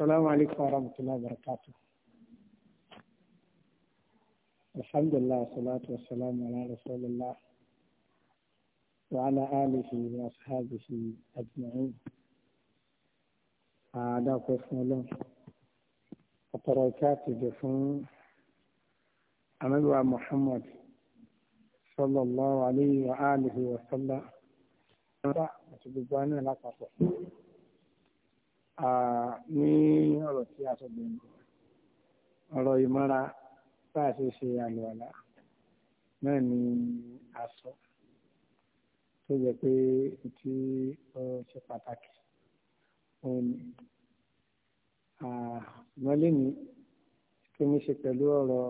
السلام عليكم ورحمة الله وبركاته الحمد لله والصلاة والسلام على رسول الله وعلى آله وأصحابه أجمعين أعداء قسم الله وبركاته جفون أمدوى محمد صلى الله عليه وآله وسلم أتبقى لك ní ọ̀rọ̀ tí a sọ gbẹ̀yìn ọ̀rọ̀ ìmọ̀ra bá a ṣe ṣe àlùwàlá náà ni a sọ tó yẹ pé tí ó ṣe pàtàkì òun ni ṣùgbọ́n lẹ́nu kí ní ṣe pẹ̀lú ọ̀rọ̀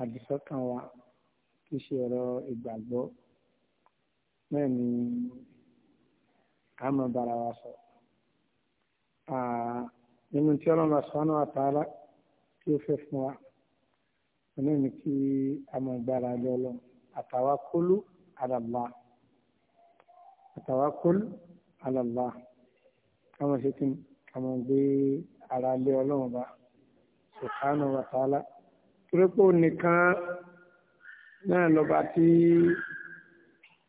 àdìsọ́kàn wa kì í ṣe ọ̀rọ̀ ìgbàgbọ́ náà ni a máa bára wa sọ̀rọ̀ nínú tí ọlọ́run subhanahu wa ta'ala tí ó fẹ́ fún wa ọ̀nà ní kí a mọ̀ gbára lé ọlọ́run àtàwákólú ala Allah àtàwákólú ala Allah káwọn ṣe kí káwọn gbé ara lé ọlọ́run bá subhanahu wa ta'ala torípò nìkan náà lọ́ba tí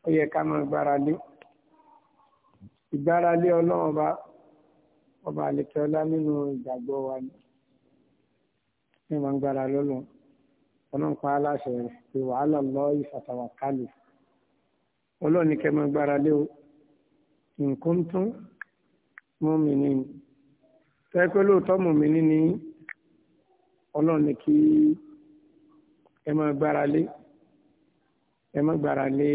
ó yẹ ká mọ̀ gbára lé ìgbára lé ọlọ́run bá ọba àlekẹ́ ọlá nínú ìgbàgbọ́ wa ni ní wọn gbára lọ́lọ́ ọlọ́run pa aláṣẹ pé wàhálà lọ ìfàtàwà kálù ọlọ́run ní kẹ́mọ́ gbára lé o nǹkan tún mọ́mìnì tẹ́ pé lóòótọ́ mọ́mìnì ni ọlọ́run ní kí ẹ gbára lé ẹ gbára lé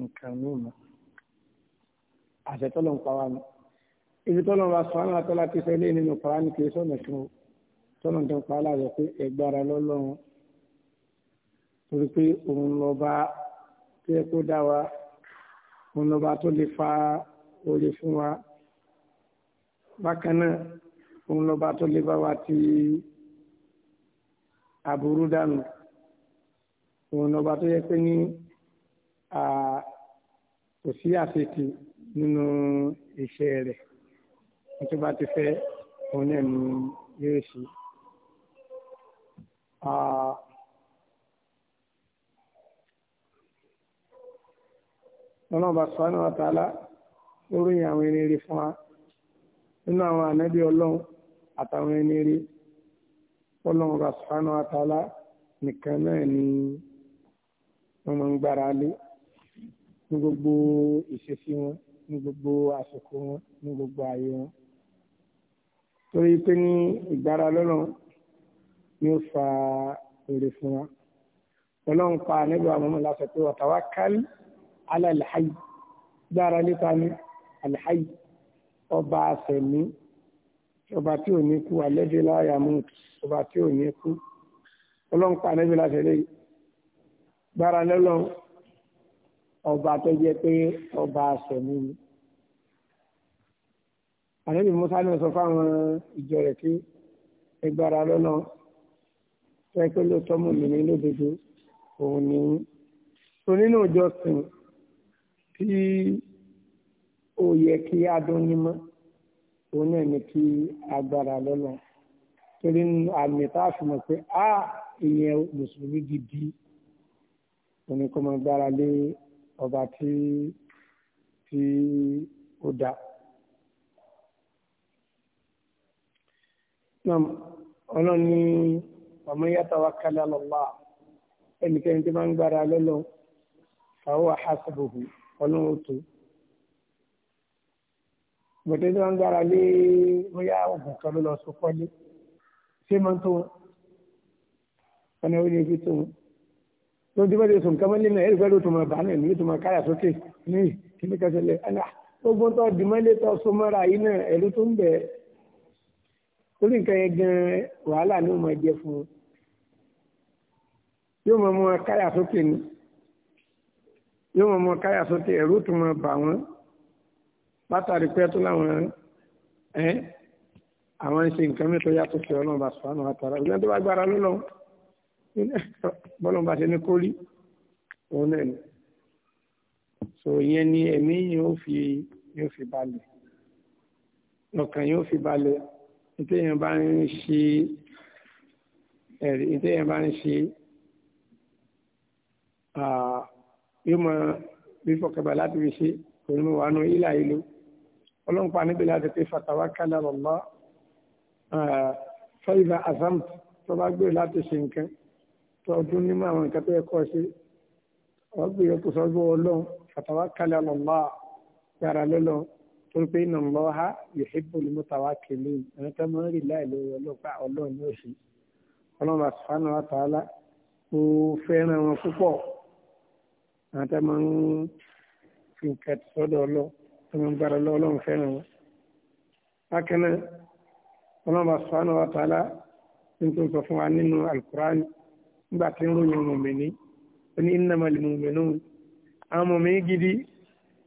nǹkan mímu àṣẹ tọ́lọ́ ń pa wá ni ibi tọ́lọ́ wa sọ àwọn àtọ́lá ti fẹ́ lé nínú Kùránì kì í sọ̀nà fún tọ́lọ́ tó ń pa aláàbẹ̀ pé ẹgbàrá lọ́lọ́run torí pé òun lọ́ba tí ẹ kó dá wa òun lọ́ba tó lè fa oore fún wa bákan náà òun lọ́ba tó lè bá wa ti aburú dànù òun lọ́ba tó yẹ pé ní kò sí àfetì nínú iṣẹ́ rẹ̀ tó bá ti fẹ́ òun náà ni yóò ṣe. ọlọ́run bá sọ́nà àtàlá lórí àwọn ẹni rí fún wa nínú àwọn ànábì ọlọ́run àtàwọn ẹni rí ọlọ́run bá sọ́nà àtàlá nìkan náà ni wọ́n máa ń gbára lé ní gbogbo ìṣesí wọn ní gbogbo àsìkò wọn ní gbogbo ààyè wọn torí pé ní ìgbára lọ́nà ni ó fa èrè fún wa ọlọ́run pa níbi àwọn ọmọ láti pé wàtàwá kálí alálàáyì gbára nípa ní àlàáyì ọba àfẹ̀mí ọba tí ò ní kú àlẹ́dẹ́ láyà mú ọba tí ò ní kú ọlọ́run pa níbi láti rí gbára lọ́nà ọba tó jẹ́ pé ọba àfẹ̀mí ni ànábì musa náà sọ fáwọn ìjọ rẹ̀ pé ẹgbàrá lọ́nà fẹ́ pé ló tọ́mù mi ní lódodo òun ní so nínú ìjọsìn tí ó yẹ kí a dún ní mọ́ òun náà ní kí agbára lọ́nà torí àmì tá a fi mọ̀ pé a ìyẹn mùsùlùmí gidi òun ni kò mọ̀ gbára lé ọba tí ó dáa. nam ọlọ́run ní ọmọ yàtọ̀ wa kálẹ̀ lọ́lá ẹnikẹ́ni tí wọ́n ń gbára lọ́lọ́ fàwọ́ àhásàbòhù ọlọ́run ó tó bọ̀dé tí wọ́n ń gbára lé bóyá oògùn kan ló lọ sọ kọ́lé ṣé máa ń tó wọn wọn ni ó lè fi tó wọn tó ti bá lè sùn kámọ́ náà ẹ̀rí fẹ́ẹ́ ló máa bá náà ní tó máa káyà sókè ní kíní kẹsẹ̀ lẹ̀ gbogbo tó dìmọ́lé tó so mọ́ra yìí náà ẹ̀rú tó ń bẹ̀ẹ́ orí nǹkan yẹn gan wàhálà ni ó máa jẹ fún un yóò máa mú káyà sókè ni yóò máa mú káyà sókè ẹ̀rú tó máa bà wọ́n látàrí pé tó láwọn ẹ́ àwọn ń ṣe nǹkan mi tó yàtọ̀ sí ọlọ́run bá sọ̀rọ̀ àwọn àtàrà ìgbà tó bá gbára ló bọ́lọ́run bá ṣe ní kórì òun náà ni so ìyẹn ni ẹ̀mí yóò fi balẹ̀ ọkàn yóò fi balẹ̀ ìtẹ̀yìn bá ń ṣe ẹ̀rí ìtẹ̀yìn bá ń ṣe yóò mọ fífọkàbà láti fi ṣe kò ní wà nù ilà ìlú ọlọ́run pa níbi láti pé fatawakkal ala Allah fẹ́ìbà azam tó bá gbé láti ṣe nǹkan tó ọdún nímọ̀ àwọn nǹkan tó yẹ kọ́ sí ọgbẹ́ yẹ kó sọ́gbọ́ ọlọ́run fatawakkal ala Allah yàrá lọ́lọ́run torí pé iná lọ ha yòókù ní mọ́tàwá kìlì ẹni tó máa ń rí láì lórí ọlọ́pàá ọlọ́run ní òsì ọlọ́run àsùnfàánù àtàlá ó fẹ́ràn wọn púpọ̀ àwọn tó máa ń fi nǹkan sọ́dọ̀ ọlọ́ tó máa ń gbára lọ ọlọ́run fẹ́ràn wọn. bákan náà ọlọ́run àsùnfàánù àtàlá ń tó sọ fún wa nínú alukur'an nígbà tí ń ròyìn mọ̀mìnì ó ní ìnámalè mọ̀mìnì àwọn mọ̀mìnì gidi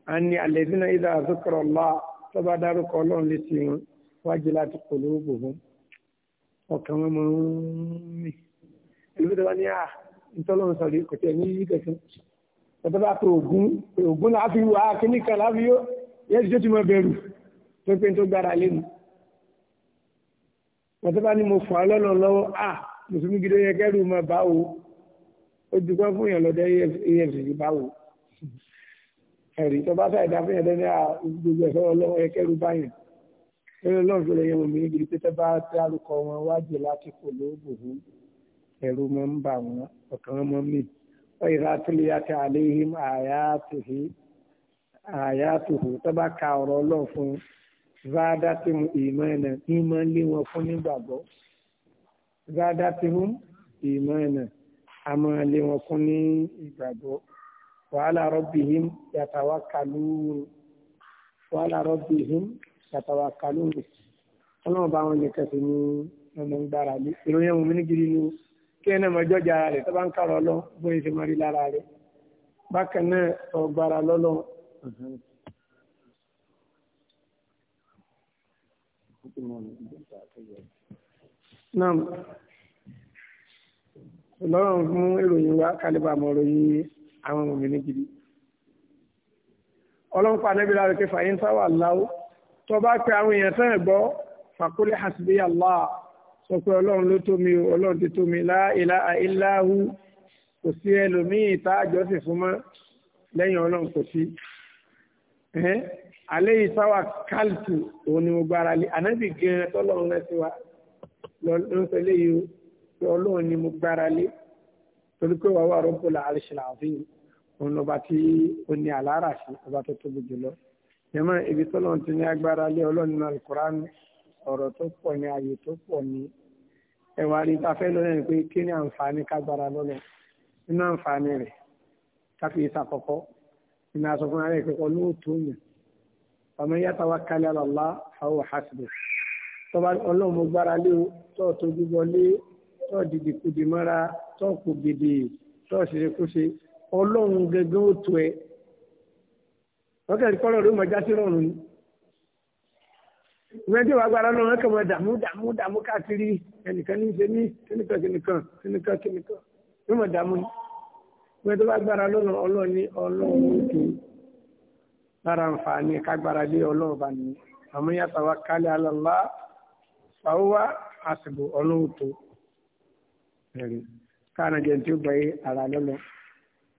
a ní alladhina idha dhukra Allah tó bá dárúkọ ọlọ́run létí wọn wajilat qulubuhum ọkàn wọn máa ń mì ìlú tó bá ní à ah, ntọ́lọ́run sọ̀rọ̀ kò tẹ̀ ní yí kẹsàn tọ́tọ́ bá pé ògún ògún láàfin wà á kíní kan láàfin yó yẹ́n ti tó ti mọ bẹ̀rù tó pé tó gbára lé nu tọ́tọ́ bá ní mo fà á lọ́nà lọ́wọ́ à ah, mùsùlùmí gidi yẹ kẹ́rù mọ́ báwo ó dùgbọ́ fún yàn lọ́dọ̀ efcc báwo ẹ̀rí tó bá sáì dá fún ẹ̀dẹ́ ní gbogbo ẹ̀sọ́ ọlọ́run ẹkẹ́rù báyìí nínú ọlọ́run tó lè yẹ wọn mìíràn gidi pé bá tẹ alùkọ wọn wájú láti kò lóògùn fún ẹ̀rù mọ́ ń bà wọ́n ọ̀kan wọn mọ́ mì wọ́n yìí látìlẹ̀ yàtọ̀ àléhìm àyàtùhù tó bá ka ọ̀rọ̀ ọlọ́run fún zádàtìmù ìmọ̀ ẹ̀nà ìmọ̀ lé wọn fún nígbàgbọ́ zádàtìmù ìmọ̀ ẹ̀nà àmọ́ lé wọn fún ní wa ala rabbihim yatawakkalun wa ala rabbihim yatawakkalun ọlọ́run bá wọn nìkan sí ní ọmọ gbára lé ìròyìn ọmọ mi ní gidi ni kí ẹnà mọ jọjà rẹ tó bá ń kárọ lọ bó ṣe máa rí lára rẹ bákan náà ọgbàrá lọlọ. náà ọlọ́run fún ìròyìn wa kálíbà mọ̀ ròyìn yìí àwọn òmìnir gidi ọlọ́run pa anábìlá rẹ̀ kẹfà yín sáwà láwó tó bá pe àwọn èèyàn tán ẹ̀ gbọ́ fàkúlẹ̀ hasbi allah sọ pé ọlọ́run ló tó mi o ọlọ́run ti tó mi la ilaha illa hu kò sí ẹlòmíì tá àjọsìn fún mọ́ lẹ́yìn ọlọ́run kò sí alẹ́ yìí sáwà káltù òun ni mo gbára lé ànábì gan tọ́lọ́run rẹ̀ wa ló ń sọ léyìí ọlọ́run ni mo gbára lé torí pé wàá wà rọ́pò làálùṣe làwọn fi yìí òun lọ́ba tí ó ní àlárà sí ọba tó tóbi jùlọ. Ìyẹn ibi tọ́lọ́run ti ní agbára lé ọlọ́run nínú alukoran ọ̀rọ̀ tó pọ̀ ní ààyè tó pọ̀ ní ẹ̀wà rí ta fẹ́ lọ́nà pé kí ni àǹfààní kágbára lọ́nà nínú àǹfààní rẹ̀ káfí ìsàkọ́kọ́ nínú aṣọ fún ara ìpẹ́kọ́ lóòótọ́ yẹn ọmọ yàtọ̀ wa kálí àlọ́lá àwọn òhásìlè tọ́ba ọlọ́run mo gbára lé o tọ́ tó gbígbọ́ tọ́ dìdìkudì mọ́ra tọ́ kò gèdè tọ́ ṣerékúṣe ọlọ́run gẹ́gẹ́ ó tó ẹ wọ́n kẹ́rin kọ́rọ̀ ló sí rọrùn ni ìwé ẹjọ́ wàá gbára náà wọ́n kàn máa dààmú dààmú káàkiri ẹnìkan ní ṣe ní kíníkan kíníkan kíníkan kíníkan ìwé wàá gbára ọlọ́run ní ọlọ́run ó tó lára ọlọ́run bá yàtọ̀ wa kálí alọ́lá àsìkò ọlọ́run tó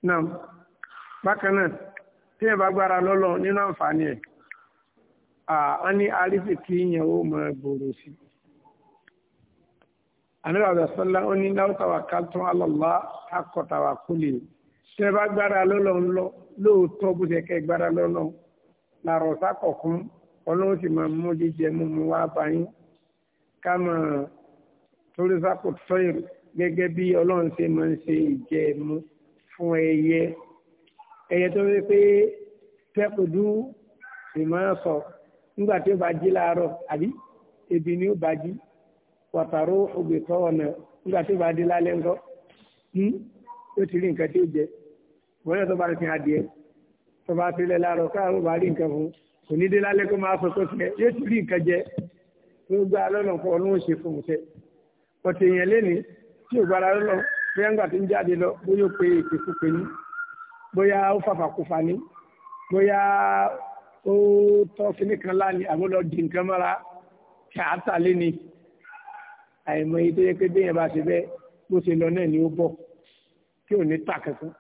náà bákan náà tí yẹn bá gbára lọ́lọ́ nínú àǹfààní ẹ̀ a ní àrísìkí yẹn ó mọ gbòòrò sí àníbàbà sọlá ó ní láwùtàwà kàtún alọ́lá akọ̀tàwà kúlè tí yẹn bá gbára lọ́lọ́ lọ lóòótọ́ bó ṣe kẹ́ gbára lọ́lọ́ làrọ̀ sákọ̀kún ọlọ́run sì máa mú jíjẹ mú mu wá báyìí ká máa torí sákòtọ́yìn gẹ́gẹ́ bí ọlọ́run ṣe máa ń ṣe ìjẹ́ mú fún ẹyẹ ẹyẹ tó rí pé tẹkùdú ìmọ̀ọ́sọ nígbà tí ó bá jí láàárọ̀ àbí ebi ni ó bá jí wàtàró ògbètọ́ ọ̀nà nígbà tí ó bá dé lálẹ́ ńkọ́ ó ti rí nǹkan tí ó jẹ wọ́n yóò tó bá rí fi adìẹ tó bá fi lẹ̀ láàárọ̀ bá rí nǹkan fún kò ní dé lálẹ́ kó máa sọ tó tiẹ̀ yóò ti rí nǹkan jẹ tó gbá lọ́nà pọ̀ ló ń ṣe fún un tẹ́ ọ̀tẹ̀yìn lẹ́ni tí ò gbára lọ́nà bóyá ńgbà tí ń jáde lọ bóyá ó pe ìpèkúpe ní bóyá ó fàfàkùfà ní bóyá ó tọ́ kíní kan láàní àbúlọ di nǹkan mọ́ra ṣáàtà lé ni àìmọ̀ yìí tó yẹ pé béèyàn bá ṣe bẹ́ẹ̀ bó ṣe lọ náà ni ó bọ̀ kí ò ní tà kankan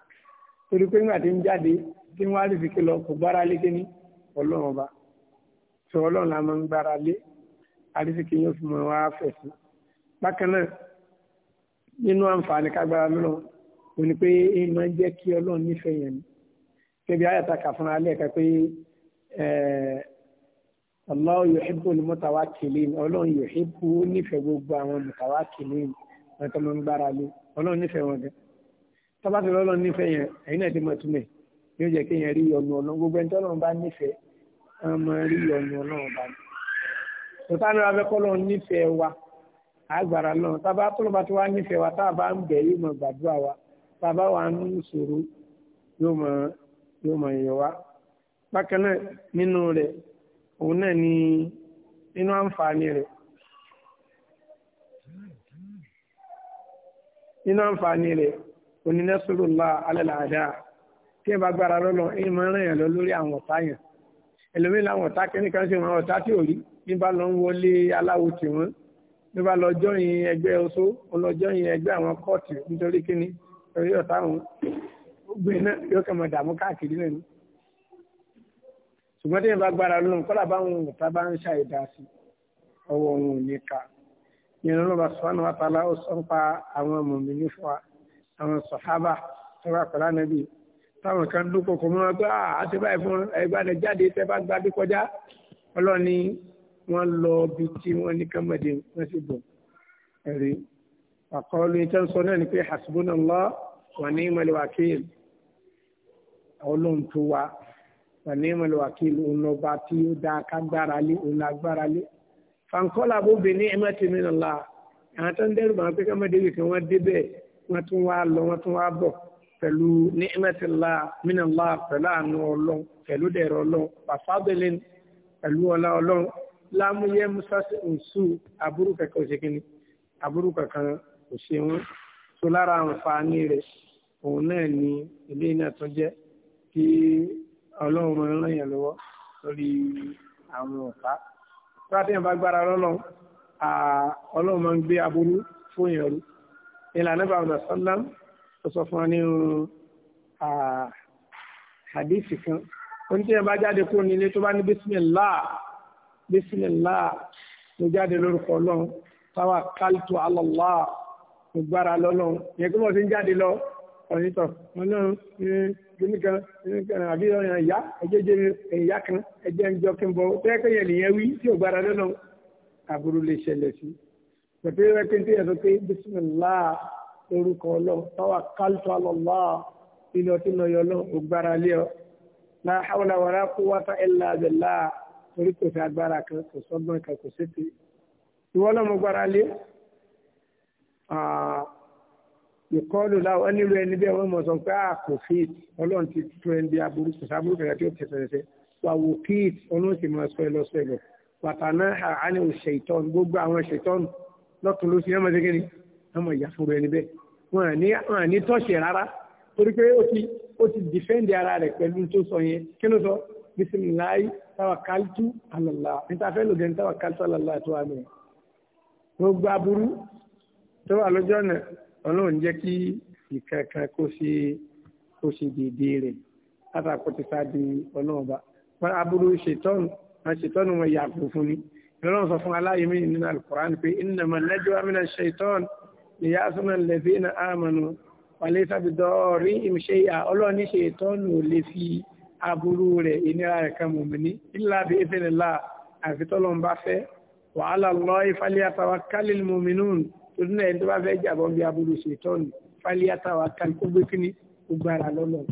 torí pé ńgbà tí ń jáde tí wọ́n á rí fi kìlọ̀ kò gbára lé kíní ọlọ́run ọba sọ ọlọ́run la máa ń gbára lé àrísìkì yóò fi mọ̀ wá fẹ̀ sí bákan náà nínú àǹfààní kágbára lọ́nà ò ní pé ẹ máa ń jẹ́ kí ọlọ́run nífẹ̀ẹ́ yẹn ni kẹbi ayàtà kà fúnra lẹ́ẹ̀ka pé Allahu yuhibbu al-mutawakkilin ọlọ́run yuhibbu ó nífẹ̀ẹ́ gbogbo àwọn mutawakkilin wọn tó máa ń gbára lé ọlọ́run nífẹ̀ẹ́ wọn gan tọ́ba tó lọ́lọ́run nífẹ̀ẹ́ yẹn ẹ̀yin náà ti mọ̀ túmẹ̀ yóò jẹ́ kéèyàn rí rí ọ̀nà ọlọ́run agbára lọ́nà tábà tọ́lọ́ba tí wàá nífẹ̀ẹ́ wa tábà ń bẹ̀ yóò mọ̀ gbàdúrà wa tábà wà ń sòrò yóò mọ̀ yóò mọ̀ yẹ wa. bákan náà nínú rẹ̀ òun náà ni nínú àǹfààní rẹ̀ nínú àǹfààní rẹ̀ onínẹ́sọ̀rọ̀lá alẹ́làdá tí ẹ bá gbára lọ́nà ẹni máa ń ràn lọ lórí àwọn ọ̀tá yẹn ẹlòmíì làwọn ọ̀tá kẹ́nìkan ṣe wọn ọ̀tá tí ò rí ní bá ń wọlé aláwo tì ló bá lọ jọyìn ẹgbẹ́ oṣó lọ jọyìn ẹgbẹ́ àwọn kóòtù nítorí kíni torí ọ̀tá àwọn obìnrin náà yóò kẹ́ mọ dààmú káàkiri náà ni. ṣùgbọ́n tí yẹn bá gbára lóhùn kọ́lá báwọn ọ̀tá bá ń ṣàì dá sí ọwọ́ òun ò ní ká yẹn ló bá sọ́nà wa tala ó sọ́n pa àwọn mùmíní fún wa àwọn sàhábà tó bá pẹ̀lá nàbì táwọn kan dúkọ̀ kò wọn pé àti ah, báyìí fún ẹgbẹ́ wọ́n lọ ibi tí wọ́n ní kámẹ́dé wọ́n sì bọ̀ ẹ̀rí àkọọ́lù ìtàn sọ náà ni pé hasbunallah wa ni'mal wakil ọlọ́run tó wa wa ni'mal wakil ọlọ́ba tí ó dá kágbára lé ọlágbára lé fankola bó bẹ ní ẹ̀mẹ́tì mìíràn la àwọn tó ń dẹ́rù bá wọn pé kámẹ́dé yìí kí wọ́n débẹ̀ wọ́n tún wá lọ wọ́n tún wá bọ̀ pẹ̀lú ní ẹ̀mẹ́tì la mìíràn la pẹ̀lú àánú ọlọ́run pẹ̀lú dẹ̀rọ ọlọ́run pàfábẹ́lẹ́ pẹ̀lú ọlá ọlọ́run lámúyẹ musasi nsu aburú kankan òṣèkínní aburú kankan òṣèwọn tó lára àǹfààní òun náà ni ilé náà tó jẹ́ kí ọlọ́run ràn yàn lọ́wọ́ lórí àwọn ọ̀tá pírátìyàn bá gbára lọ́lọ́ ọlọ́run máa ń gbé aburú fún yàn rú ìlànà bá ọ̀nà sọ́lám tó sọ fún wa nínú hadisi kan oníṣẹ́ yẹn bá jáde kúrò nílé tó bá ní bísímìlá bísímìlá mo jáde lórúkọ ọlọ́run táwa kálítù alọ́lá mo gbára lọ́lọ́run yẹn kí wọ́n ti ń jáde lọ ọ̀nìtọ̀ ọlọ́run kíní kan kíní kan àbí ọ̀yàn ìyá ẹjẹ́ jẹ́ ìyá kan ẹjẹ́ ń jọ kí n bọ̀ tẹ́ẹ̀kẹ́ yẹn nìyẹn wí tí ò gbára lọ́lọ́run àbúrò lè ṣẹlẹ̀ sí pẹ̀tẹ́ rẹ pé tí yẹn sọ pé bísímìlá lórúkọ ọlọ́run táwa kálítù alọ́lá ilé ọtí lọ́yọ̀ ọlọ́run ò gbára lé ọ la hawla wala quwwata illa billah torí kò sí agbára kan kò sọ́gbọ́n kan kò sétí ìwọ lọ́mọ gbára lé ìkọlù láwọn nílò ẹni bí ẹwọn mọ̀ sọ pé a kò fi ọlọ́run ti tún ẹni bí aburú kò sábúrú kẹ̀kẹ́ tí ó tẹ̀sẹ̀ tẹ̀sẹ̀ wà wò kí ọlọ́run sì máa sọ ẹ lọ sọ ẹ lọ pàtàkì náà a ní òṣè ìtọ́n gbogbo àwọn ṣe ìtọ́n lọ́tún ló fi ọmọ ṣe kíni ọmọ ìyá fúnra ẹni bẹ́ẹ̀ wọn à ní tọ́ṣẹ̀ rárá torí pé ó ti dìfẹ́ǹdì ara rẹ̀ pẹ̀lú tó sọ yẹn kí ló sọ bísí tawakkaltu ala Allah níta fẹ́ lò gẹ́ni tawakkaltu ala Allah tó wà ní gbogbo aburú tó wà lójú ọ̀nà ọlọ́run jẹ́ kí ìkankan kó ṣe kó ṣe déédéé rẹ̀ látàkó ti sáájú ọlọ́run bá aburú ṣètọ́nù wọn ṣètọ́nù wọn yàgò fún ni ọlọ́run sọ fún aláyé mi nínú alukoran pé innamal najwa mina ṣètọ́nù ìyáàsùnà lẹ́fínà amanu wa laysa bidorrihim shay'a ọlọ́run ní ṣètọ́nù ò lè fi aburú rẹ̀ ìnira rẹ̀ kan mùmíní illa bi idhnillah àfi tọ́lọ́run bá fẹ́ wa ala Allahi falyatawakkalil mu'minun torí náà ẹni tó bá fẹ́ jàbọ̀ bí aburú ṣètọ́nù falyatawakkal kó gbé kíní gbogbo ara lọ́lọ́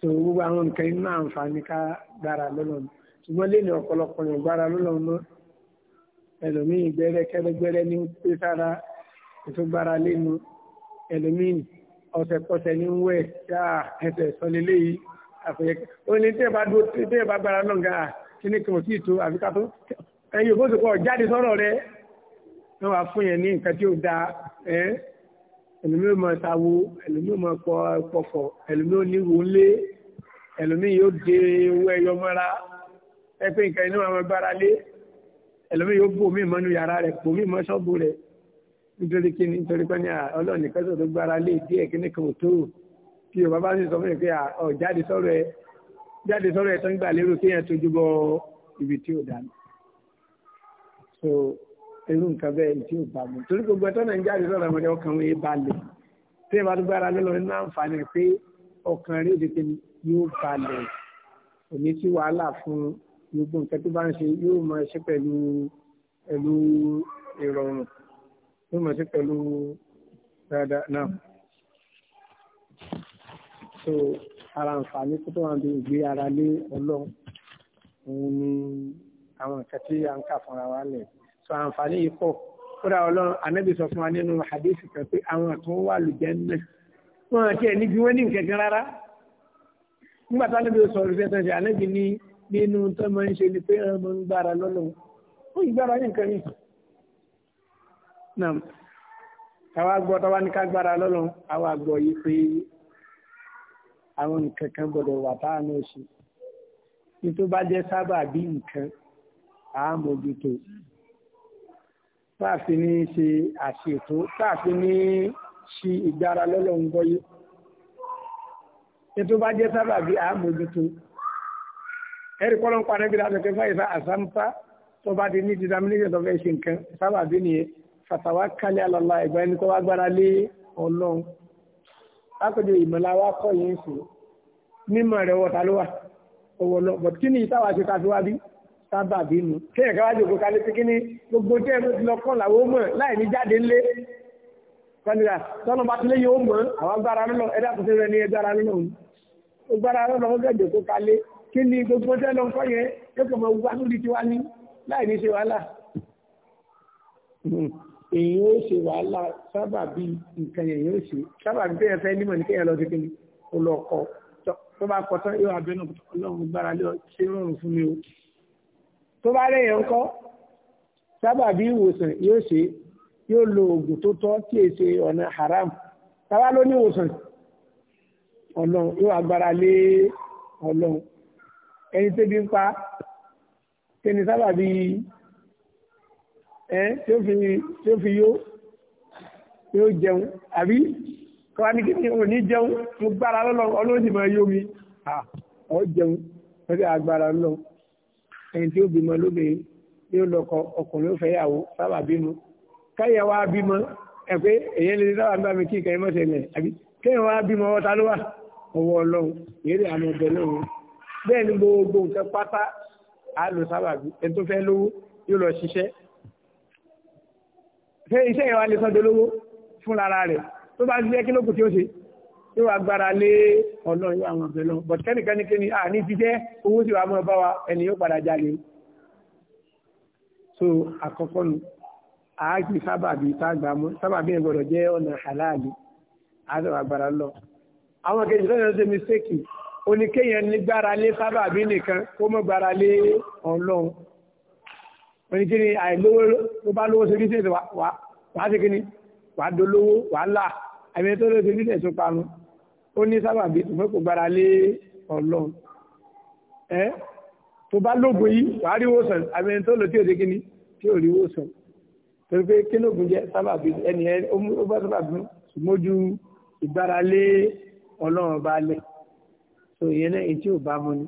tó gbogbo àwọn nǹkan inú àǹfààní ká gbára lọ́lọ́ ṣùgbọ́n lé ní ọ̀pọ̀lọpọ̀ yẹn gbára lọ́lọ́ náà ẹlòmíì gbẹ́rẹ́ kẹ́rẹ́gbẹ́rẹ́ ní pé ọ̀sẹ̀kọ̀sẹ̀ ní ń wẹ̀ dáa ẹsẹ̀ sọlélé yìí àfẹ́yẹ ó ní tẹ́ bá dúró tẹ́ bá gbára náà ga kíní kan ò tí ì tó àfi ká tó ẹ̀yin òfó sòkò jáde sọ̀rọ̀ rẹ wọ́n wá fún yẹn ní nǹkan tí ó da ẹ́ ẹlòmí ò máa sawo ẹlòmí ò máa pọ pọ̀fọ̀ ẹlòmí ò ní wọlé ẹlòmí yóò de owó ẹyọ mọ́ra ẹ pé nǹkan inú àwọn gbára lé ẹlòmí yóò bò mí mọ́nú yàrá rẹ̀ bò mí mọ́ ṣọ́ọ̀bù rẹ̀ nítorí kí ni nítorí pé ní ọlọ́run nìkan tó tó gbára lé díẹ̀ kí ní kan ò tó tí o bàbá sì sọ fún mi pé ọ jáde sọ̀rọ̀ ẹ jáde sọ̀rọ̀ ẹ tó ń gbà lérò kéèyàn tójú bọ ibi tí ò dáná so irú nǹkan bẹ́ẹ̀ tí ò bá mu torí gbogbo ẹtọ́ náà ń jáde sọ̀rọ̀ ọmọdé ọkàn wọn yé balẹ̀ tí ìbá tó gbára lé lọ nínú àǹfààní pé ọkàn rẹ̀ èdè yóò balẹ̀ òní tí wàhálà fún gbogbo nǹkan tó bá ń ṣe yóò máa ṣe pẹ̀lú pẹ̀lú ìrọ̀rùn tó mọ̀ sí pẹ̀lú dáadáa so ara àǹfààní tó tó wà ní ìgbé ara lé ọlọ́run òun ni àwọn nǹkan tí a ń kà fúnra wa lẹ̀ so àǹfààní yìí pọ̀ kódà ọlọ́run anábì sọ fún wa nínú hadisi kan pé àwọn kan wà lùjẹ́ náà wọn àti ẹ̀ níbi wọn ní nǹkan kan rárá nígbà tá níbi sọ orí fẹ́ẹ́ anábì ní nínú tó máa ń ṣe ni pé wọn ń gbára lọ́lọ́run ó ì gbára ní nǹkan yìí náà táwa gbọ́ táwa ní ká gbára lọ́lọ́run àwa gbọ́ yìí pé àwọn nǹkan kan gbọ́dọ̀ wà táwa náà ṣe ní tó bá jẹ́ sábà bí nǹkan àámójútó táàfin ní ṣe àṣètò táàfin ní ṣi ìgbára lọ́lọ́run gbọ́yé ní tó bá jẹ́ sábà bí àámójútó ẹ̀rí kọ́lọ́n pa níbi láti pé fáyìí sá àsámpa tó bá ti ní determination tó fẹ́ ṣe nǹkan sábà bí nìyẹn fatawakkal ala Allah ẹ̀gbọ́n ẹni tó wá gbára lé ọlọ́run lápẹjọ ìmọ̀lá wa kọ́ yẹn ń sùn mímọ̀ rẹ̀ wọ̀ta ló wà owó lọ bọ̀t kí ni ìtawà ṣe ta fi wá bí sábà bí nu kí ẹ̀ka wájú òkú kalẹ̀ sí kí ni gbogbo jẹ́ ẹ̀rọ ti lọ kọ́ làwọn ó mọ̀ láì ní jáde ńlé kọ́nìyà tọ́nà bá tilé yóò mọ̀ àwọn gbára lọ́nà ẹ̀dá tó ṣe rẹ̀ ní ẹgbára lọ́nà òun gbára lọ́nà ó gẹ̀jẹ̀ òkú kalẹ̀ kí ni gbogbo jẹ́ lọ kọ́ yẹn èyí ó ṣe wàhálà sábà bí nǹkan yẹn yóò ṣe sábà bí bẹ́ẹ̀ fẹ́ nímọ̀ ní kéèyàn lọ sí kíni ó lọ kọ tó bá kọ tán yóò abẹ́ náà ọlọ́run gbára lé ṣé rọrùn fún mi o tó bá rẹ̀ yẹn ń sábà bí ìwòsàn yóò ṣe yóò lo oògùn tó tọ́ tí è ṣe ọ̀nà haram táwa ló ní ìwòsàn ọlọ́run yóò agbára lé ọlọ́run ẹni tẹ́bi ń pa kí ni sábà bí ẹ tí ó fi tí ó fi yó tí ó jẹun àbí kọ́wá ní kíni o ní jẹun mo gbára lọ́lọ́ ọlọ́run sì máa yó mi à ọ jẹun wọ́n sì agbára lọ ẹni tí ó bímọ lóbìnrin tí ó lọkọ ọkùnrin ó fẹ́yàwó sábà bímọ káyẹ̀ wá bímọ ẹ pé èyàn lè sábà bá mi kí ìkẹyìn mọ́ sẹ́lẹ̀ àbí kéèyàn wá bímọ ọta ló wà ọwọ́ ọlọ́run èrè àmọ́ ọbẹ̀ lọ́run bẹ́ẹ̀ ni gbogbo nǹkan pátá á lò sábà bí ẹni tó fẹ́ lówó yóò lọ ṣiṣẹ́ ṣé iṣẹ́ yẹn wá lè sọ́dọ̀ lówó fún ara rẹ̀ tó bá ti jẹ́ kí ló kù tí ó ṣe yóò wá gbára lé ọ̀nà ìwà àwọn ọ̀bẹ lọ bọ̀t kẹ́nìkan ní kíni àní ti jẹ́ owó sì wà mọ́ bá wa ẹni yóò padà jalè so àkọ́kọ́ nu àájì sábàbí tágbà mọ́ sábàbí ẹ̀ gbọ́dọ̀ jẹ́ ọ̀nà àláàlì àádọ́wà gbára lọ àwọn kejì lọ́nà ṣe mistake oníkéyàn ní gbára lé sábàbí nìkan kó mọ́ gbára lé ọlọ́run oníkiri àìlówó ló bá lówó ṣe bíṣẹ́ wàá ṣe kíni wàá dolówó wàá là àmì tó lè ṣe bíṣẹ́ tó parun ó ní sábàbí ṣùgbọ́n kò gbára lé ọlọ́run ẹ tó bá lóògùn yìí wàá rí wòsàn àmì tó lè tí ò ṣe kíni tí ò rí wòsàn torí pé kí lóògùn jẹ sábàbí ẹni ẹ ó bá sábàbí ṣùgbọ́n ju ìgbára lé ọlọ́run bá lẹ̀ so ìyẹn náà èyí tí ò bá mu ni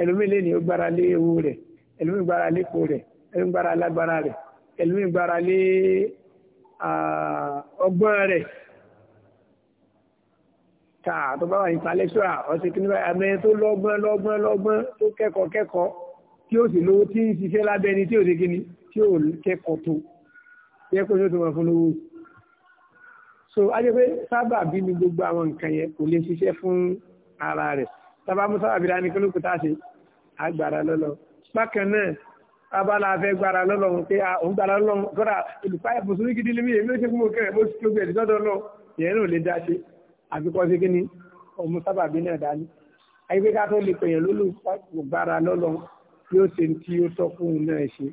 ẹlòmíì lè ní ó gbára lé ewu rẹ̀ ẹlòmíì gbára lé epo rẹ̀ ẹ̀rù gbára lágbára rẹ̀ ẹ̀lú ìgbára lé ọgbọ́n rẹ̀ ta tó bá wà ní palẹ́ṣọ́à ọ̀sẹ̀ kí ní bá abẹ́ tó lọ́gbọ́n lọ́gbọ́n lọ́gbọ́n tó kẹ́kọ̀ọ́ kẹ́kọ̀ọ́ tí ó sì lówó tí ń ṣiṣẹ́ lábẹ́ ẹni tí ò ṣe kíni tí ò kẹ́kọ̀ọ́ tó yẹ kó tó máa fún lówó. so ajẹ́ pé sábà bí ni gbogbo àwọn nǹkan yẹn kò lè ṣiṣẹ́ fún ara rẹ̀ sábà mú sábà bí dání tá a ṣe àgbàrá lọ́lọ́ bákan náà abala afẹ́ gbára lọ́lọ́run pé òun gbára lọ́lọ́run kọ́ra olùkọ́ ìbùsùn gidi lé mi èmi ló ṣe fún mo kẹrẹ̀ mo sì tó gbẹ̀dì lọ́dọ̀ náà yẹn náà lè dá ṣe sí kí ni ọmọ sábàbí náà dání ayíwé ká tó lè pèyàn lólùkọ́ gbára lọ́lọ́run yóò ṣe tí ó tọ́ fún un náà ṣe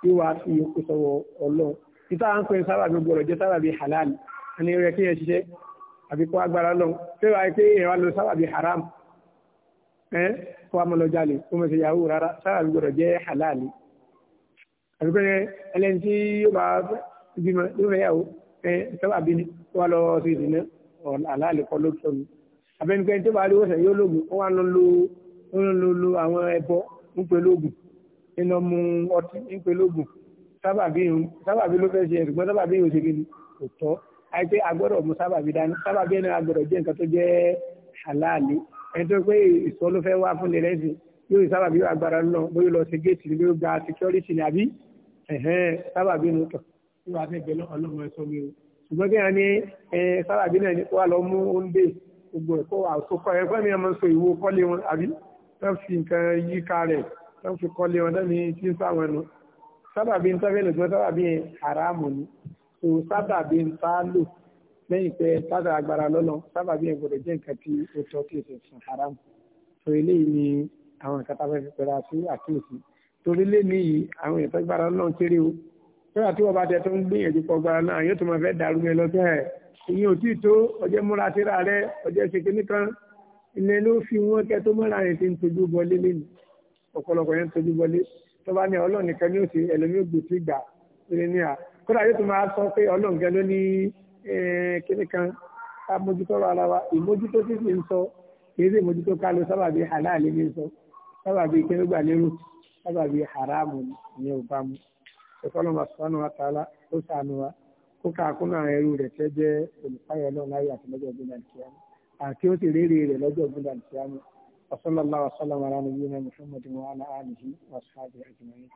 tí wàá fi yòókù sọ̀wọ́ ọlọ́run títà à ń pè sábàbí gbọ́dọ̀ jẹ́ sábàbí halal ẹni rẹ̀ kí yẹn ṣiṣẹ́ àbíkọ́ agbára lọ́run pé wàá pé èèyàn àbí pé ẹlẹ́ni tí yóò bá bímọ yóò fẹ́ yàwó ẹ sábà bí ni ó wà lọ sí ìdìnnà àlàálẹ̀kọ́ ló sọnù àbẹ́nikẹ́ni tó bá rí wọ́sẹ̀ yóò lóògùn ó wà lọ lo lo àwọn ẹbọ ń pè lóògùn nínú mu ọtí ń pè lóògùn sábàbí ló fẹ́ ṣe ẹ̀rùgbọ́n sábàbí yóò ṣe kí ni kò tọ́ àìpé agbọ́dọ̀ mú sábàbí dání sábàbí ẹni agbọ́dọ̀ jẹ́ nǹkan tó jẹ́ àlàálẹ̀ ẹni tó pé ìsọ ló fẹ́ wá fún lẹ́lẹ́sìn yóò sábàbí agbára lọ bóyá lọ sí géètì ló gba security sábàbí nù tọ̀ ìwà àtẹ̀gbẹ́ ọlọ́mọ ẹ̀sọ́ mi o ṣùgbọ́n kí wọ́n ní sábàbí náà ní kó wà lọ mú oúnjẹ gbogbo ẹ̀kọ́ àsokọ́ ẹ̀ fẹ́ mi ẹ̀ máa ń so ìwo kọ́lé wọn àbí tó fi nǹkan yí ká rẹ̀ tó fi kọ́lé wọn lẹ́ni tí ń sáwọn ẹnu sábàbí ń tọ́fẹ́ lògbọ́n sábàbí yẹn haramu ni so sábàbí ń tá lò lẹ́yìn pé tádà agbára lọ́nà sábàbí yẹn gbọ́dọ̀ jẹ́ nǹkan tí ó tọ́ kí èsì sùn haramu so eléyìí ni àwọn nǹkan a fẹ́ fi pẹ́ra sí àkíyèsí torí lẹ́nu yìí àwọn èèyàn tó gbára náà kéré o nígbà tí wọ́n bá tẹ tó ń gbìyànjú pọ̀ gbára náà yóò tó máa fẹ́ dàrú mi lọ sẹ́ẹ̀ ìyẹn ò tí ì tó ọjọ́ múra síra rẹ ọjọ́ ṣèké nìkan ilẹ̀ ló fi wọ́n kẹ́ tó mọ́ra yẹn ti ń tojú bọlé lẹ́nu ọ̀pọ̀lọpọ̀ yẹn ń tojú bọlé tó bá ní ọlọ́run nìkan ní òsì ẹlòmíì ògbò tí gbà sábàbí haramu ní ọba mu ìfọlọmọ sọnù àtàlà ó sànù wa kó káàkúnà ẹrú rẹ̀ tẹ́ jẹ́ olùpáyọ̀ náà láyé àti lọ́jọ́ ìgbìmọ̀ ìkíyàmù àti ó sì rérè rẹ̀ lọ́jọ́ ìgbìmọ̀ ìkíyàmù وصلى الله وسلم على نبينا محمد وعلى اله واصحابه اجمعين